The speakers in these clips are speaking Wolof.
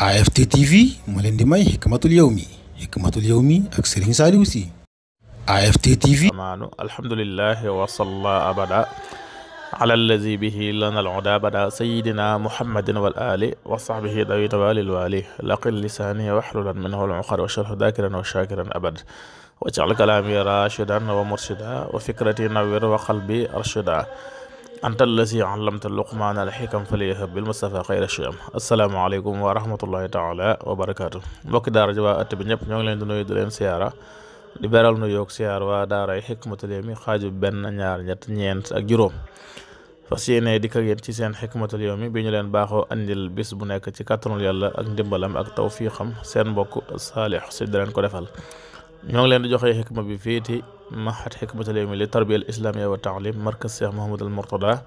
AFT TV moo leen di may Hikmatul Yawmi Hikmatul Yawmi ak Serigne Saliou Sy AFT TV amaanu alhamdulillahi wa salla abada ala allazi bihi lana al-huda bada sayyidina muhammadin wal ali wa sahbihi dawi tawalil wali laqil lisani wahlulan minhu al-uqad wa shrah dakiran wa shakiran abad waj'al kalami rashidan wa murshida wa fikrati nawwir wa qalbi arshida anta allazi allamta luqmaana alxikam faliyahab bil mustafa xayra shiyam asalaamaaleykum wa rahmatullahi taala wa barakaatu mbokki daara ji waa bi ñëpp ñoo ngi leen di nuyu di leen siyaara di beral nu siyaar waa daaray xikmatul yawmi xaaju benn ñaar ñett ñeent ak juróom fas yéene dikk ak ci seen xikmatul yawmi bi ñu leen baaxoo andil bis bu nekk ci kàttanul yàlla ak ndimbalam ak tawfiixam seen mbokk saalix si di leen ko defal ñoo leen di joxe xikma maxat xikmatul yawmi li tarbiya al islamiyya wa taalim markaz Cheikh Mouhamadul Mourtada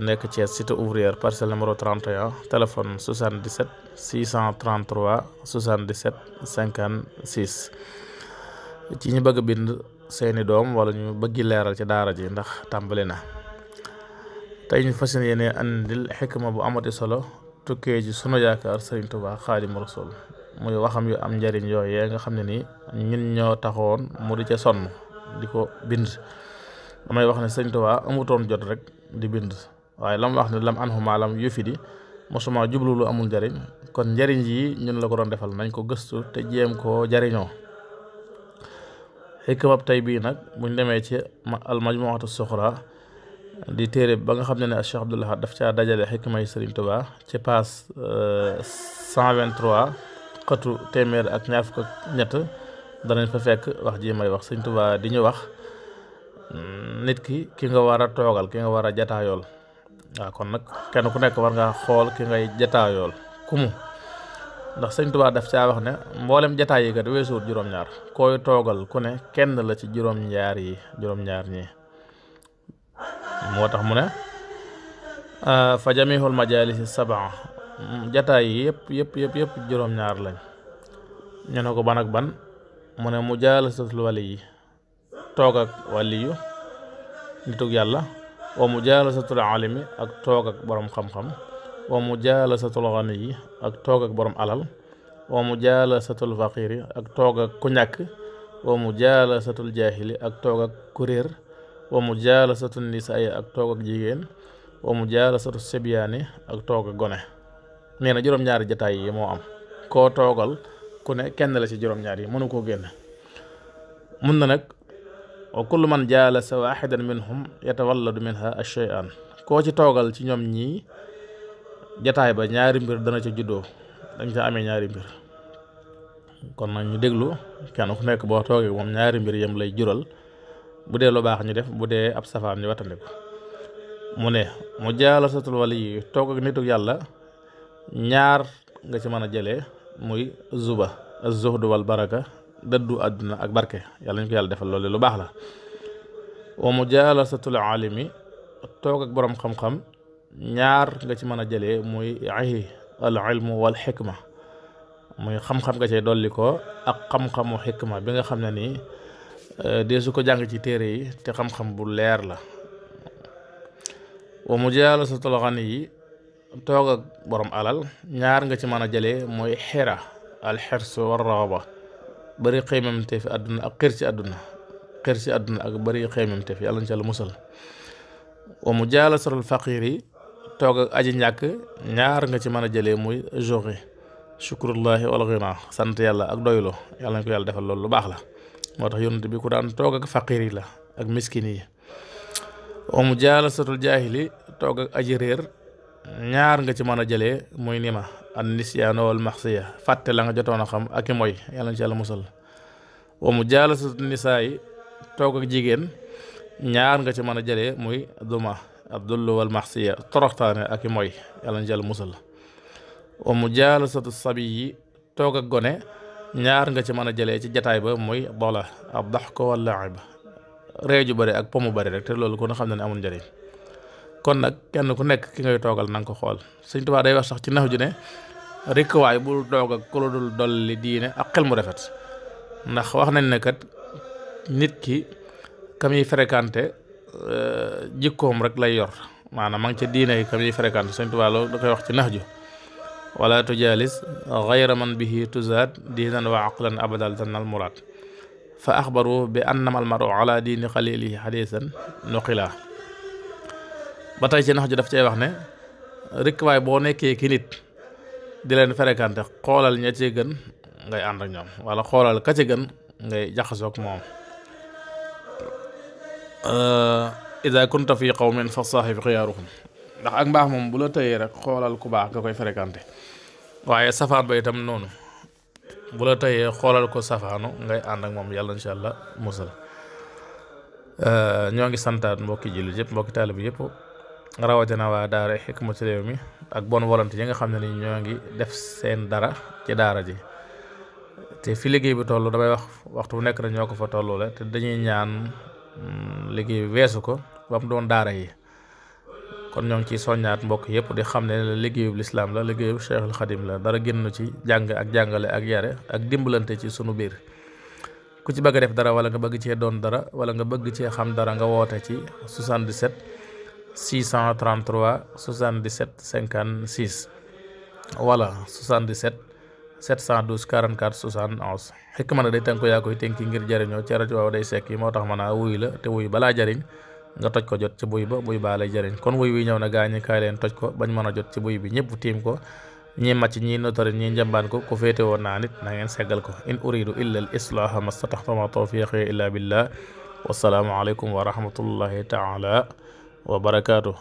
nekk Thiès cité ouvrière parcelle numéro 31 téléphone 77 633 77 56 ci ñu bëgg bind seeni doom wala ñu bëggi leeral ci daara ji ndax tàmbali na tey ñu fas yéene andil xikma bu amati solo tukkee ji sunu yaakaar Sëriñ Tuubaa Xaadimu Rasuul muy waxam yu am njariñ yooyee nga xam ne nii ñun ñoo taxoon mu di ca sonn di ko bind damay wax ne sëñ Tuubaa amutoon jot rek di bind waaye lam wax ne lam an xumaa lam yëfi di mosuma jublu lu amul njariñ kon njariñ yi ñun la ko doon defal nañ ko gëstu te jéem koo jariñoo xikmab tey bii nag buñ demee ci al majmuatu suxra di téere ba nga xam ne ne Cheikh Abdoul Ahad daf ca dajale xikma yi Sëriñ Tuubaa ci page 123 euh, xëtu téeméer ak ñaar ko ñett danañ fa fekk wax jii may wax sëñ Tuubaa di ñu wax mm, nit ki ki nga war a toogal ki nga war a jataayool waaw kon nag kenn ku nekk war ngaa xool ki ngay jataayool kumu ndax sëñ def daf wax ne mboolem jataay yi kat weesuwut juróom-ñaar koy toogal ku ne kenn la ci juróom-ñaar yi juróom-ñaar ñi moo tax mu ne fa jamihul majalisi sabaa Ah, jataay yi yëpp yëpp yëpp yëpp juróom-ñaar lañ ñu ne ko ban ban mu ne mu jaalasatul wali yi toog ak wàli yu yàlla wa mu jaalasatul alimi ak toog ak borom xam-xam wa mu jaalasatul xani yi ak toog ak borom alal wa mu jaalasatul yi ak toog ak ku ñàkk mu jaalasatul jaahili ak toog ak ku réer wa mu jaalasatul nisaa yi toog jigéen wa mu jaalasatu sibyaani ak toog ak gone nee na juróom-ñaari jataay yi moo am koo toogal ku ne kenn la ci juróom-ñaar yi mënu koo génne mun na nag wa kullu man jaalasa waaxidan minhum yatawalladu minha ashayaan koo ci toogal ci ñoom ñii jataay ba ñaari mbir dana ca juddoo dañ ca amee ñaari mbir kon nag ñu déglu kenn ku nekk boo toogee moom ñaari mbir yam lay jural bu dee lu baax ñu def bu dee ab safaan ñu wattandiko mu ne mu jaalasatul wali yi toog ak nituk yàlla ñaar nga ci mën a jële muy zuba az-zuhdu wal baraka dëddu àdduna ak barke yàlla ñu ko yàlla defal loole lu baax la wa mujaalasatul aalimi toog ak boroom xam-xam ñaar nga ci mën a jëlee muy ahi al ilmu wal xikma muy xam-xam nga cay dolli ko ak xam-xamu xikma bi nga xam ne nii euh, dee su ko jàng ci téere yi te xam-xam bu leer la wa mujaalasatul xani yi toog ak borom alal ñaar nga ci mën a jëlee mooy xira al xirsu war raxaba bari xëymamte fi àdduna ak xir ci àdduna xir ci àdduna ak bari xëymamte fi yàlla na ci musal wa mu jaalasatul faqiir yi toog ak ñàkk ñaar nga ci mën a jële muy joxe shukrullahi wal ghina sant yàlla ak doylo yàlla nañ ko yàlla defal loolu lu baax la moo tax yonent bi ku daan toog ak faqiir la ak miskin yi wa mu jaalasatul jaahili toog ak réer ñaar nga ci mën a jëlee muy ni ma an nisyaana wal maxsiya fàtte la nga jotoon a xam ak i mooy yàlla ci yàlla musal mu jaalasatu nisaa toog ak jigéen ñaar nga ci mën a jëlee muy duma abdullu wal maxsiya toroxtaane ak i mooy yàlla musal wa mu jaalasatu sabi yi toog ak gone ñaar nga ci mën a jële ci jataay ba muy dola ab dax ko wal laib réew ju bëri ak pomu bëri rek te loolu kon xam na ne amul njëriñ kon nag kenn ku nekk ki ngay toogal na ko xool sëñ Tuubaa day wax sax ci nax ju ne rek bu bul toog ak ku la dul dolli diine ak xel mu rafet ndax wax nañ ne kat nit ki ka muy fréquenté euh, jikkoom rek lay yor maanaam ma ngi ca diine yi ka muy fréquenté sëñ Tuubaa loolu da koy wax ci nax ju wala tujaalis gayra man bihi tuzaad diinan wa aqlan abadal tanal muraad fa axbaru bi annama almaru ala diini xalilihi xadiisan nuqila ba tey ci nax daf cay wax ne rikk waay boo nekkee ki nit di leen fréquenté xoolal ña ci gën ngay ànd ak ñoom wala xoolal ka ci gën ngay jaxasoog moom ida kunta fi qawmin fa saaxib xiyaaruhum ndax ak mbaax moom bu la tëyee rek xoolal ku baax nga koy fréquenté waaye safaan itam noonu bu la tëyee xoolal ko safaanu ngay ànd ak moom yàlla incha allah musal ñoo ngi santaat mbokki jullit yëpp mbokki taalib yëpp rawatina waa daara Hikmatul mi ak bon volonté yi nga xam ne ni ñoo ngi def seen dara ci daara ji te fi liggéey bi toll damay wax waxtu bu nekk na ñoo ko fa la te dañuy ñaan mm, liggéey weesu ko ba mu doon daara yi kon ñoo ngi ciy soññaat mbokk yëpp di xam ne liggéeyub lislaam la liggéeyub Cheikhul Xadim la dara génn ci jàng ak jàngale ak yare ak dimbalante ci sunu biir ku ci bëgg def dara wala nga bëgg cee doon dara wala nga bëgg cee xam dara nga woote ci 77 633 77 56 wala 77 712 44 71 xikma na day tënk yaa koy tënki ngir jëriñoo ca rajo day sekk moo tax mën a wuy la te wuy balaa jariñ nga toj ko jot ci buy ba buy baa jariñ kon wuy wi ñëw na gaa gaañi kaay leen toj ko bañ mën a jot ci buy bi ñëpp tiim ko ñi màcc ñi notari ñi njambaan ko ku féete woon naa nit na ngeen seggal ko in uridu illa al islaaha mastataxtama tawfiqi illa billah wasalaamu aleykum wa rahmatullahi taala wa barakaatu.